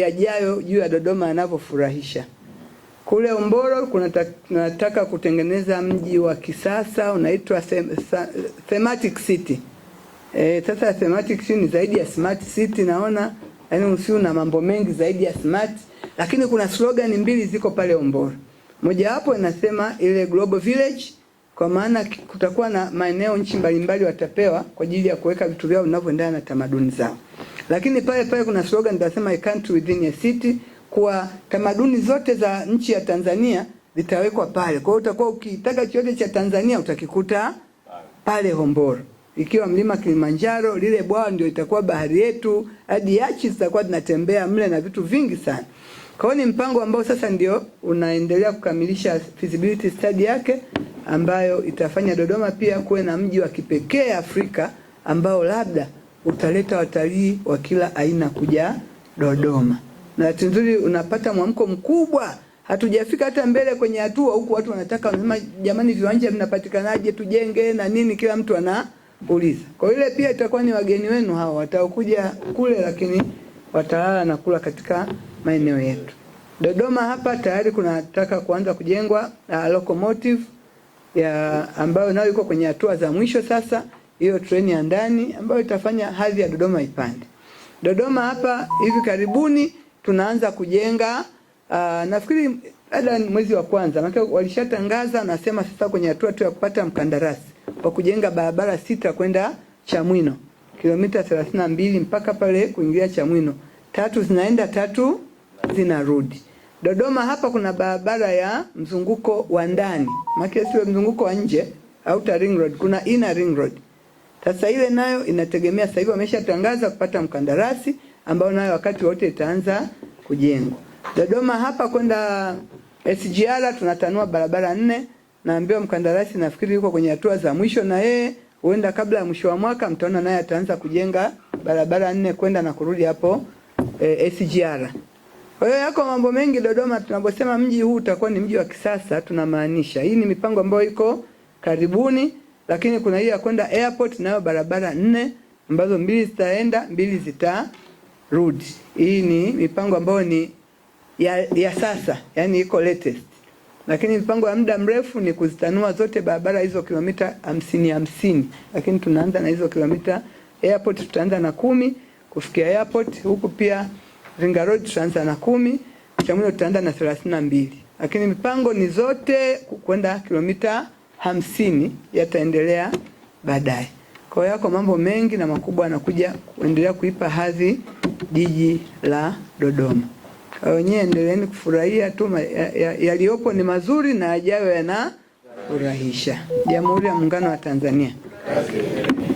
yajayo juu ya Dodoma yanavyofurahisha. Kule Umboro tunataka kutengeneza mji wa kisasa unaitwa Thematic City. E, sasa Thematic City ni zaidi ya smart city naona, yaani usiu na mambo mengi zaidi ya smart, lakini kuna slogan mbili ziko pale Umboro. Mojawapo inasema ile Global Village kwa maana kutakuwa na maeneo nchi mbalimbali watapewa kwa ajili ya kuweka vitu vyao vinavyoendana na tamaduni zao. Lakini pale pale kuna slogan nitasema a country within a city, kwa tamaduni zote za nchi ya Tanzania zitawekwa pale. Kwa hiyo utakuwa ukitaka chochote cha Tanzania utakikuta pale Hombolo. Ikiwa mlima Kilimanjaro, lile bwawa ndio itakuwa bahari yetu, hadi yachi zitakuwa zinatembea mle na vitu vingi sana. Kwa hiyo ni mpango ambao sasa ndio unaendelea kukamilisha feasibility study yake ambayo itafanya Dodoma pia kuwe na mji wa kipekee Afrika ambao labda utaleta watalii wa kila aina kuja Dodoma, na Tunduri unapata mwamko mkubwa. Hatujafika hata mbele kwenye hatua huku, watu wanataka wanasema, jamani, viwanja vinapatikanaje, tujenge na nini, kila mtu anauliza. Kwa ile pia itakuwa ni wageni wenu hao wataokuja kule, lakini watalala na kula katika maeneo yetu. Dodoma hapa tayari kunataka kuanza kujengwa uh, locomotive ya ambayo nayo iko kwenye hatua za mwisho sasa hiyo treni ya ndani ambayo itafanya hadhi ya Dodoma ipande. Dodoma hapa hivi karibuni tunaanza kujenga uh, nafikiri labda mwezi wa kwanza, maana walishatangaza nasema sasa kwenye hatua tu ya kupata mkandarasi wa kujenga barabara sita kwenda Chamwino kilomita 32 mpaka pale kuingia Chamwino, tatu zinaenda tatu zinarudi. Dodoma hapa kuna barabara ya mzunguko wa ndani, maana sio mzunguko wa nje, outer ring road, kuna inner ring road sasa ile nayo inategemea, sasa hivi wameshatangaza kupata mkandarasi ambao nayo wakati wote itaanza kujengwa. Dodoma hapa kwenda SGR tunatanua barabara nne, naambiwa mkandarasi nafikiri yuko kwenye hatua za mwisho, na yeye huenda kabla ya mwisho wa mwaka mtaona naye ataanza kujenga barabara nne kwenda na kurudi hapo e, eh, SGR. Kwa hiyo yako mambo mengi Dodoma. Tunaposema mji huu utakuwa ni mji wa kisasa, tunamaanisha hii ni mipango ambayo iko karibuni lakini kuna hii ya kwenda airport, nayo barabara nne ambazo mbili zitaenda mbili zitarudi. Hii ni mipango ambayo ni ya, ya sasa, yani iko latest, lakini mipango ya muda mrefu ni kuzitanua zote barabara hizo kilomita hamsini hamsini, lakini tunaanza na hizo kilomita airport, tutaanza na kumi kufikia airport. Huku pia Ringa Road tutaanza na kumi Chamwino tutaanza na thelathini na mbili, lakini mipango ni zote kwenda kilomita hamsini yataendelea baadaye. Kwa hiyo yako mambo mengi na makubwa yanakuja kuendelea kuipa hadhi jiji la Dodoma. Kwa hiyo nyewe endeleeni kufurahia tu yaliyopo ya, ya ni mazuri na yajayo yanafurahisha. Jamhuri ya Muungano wa Tanzania.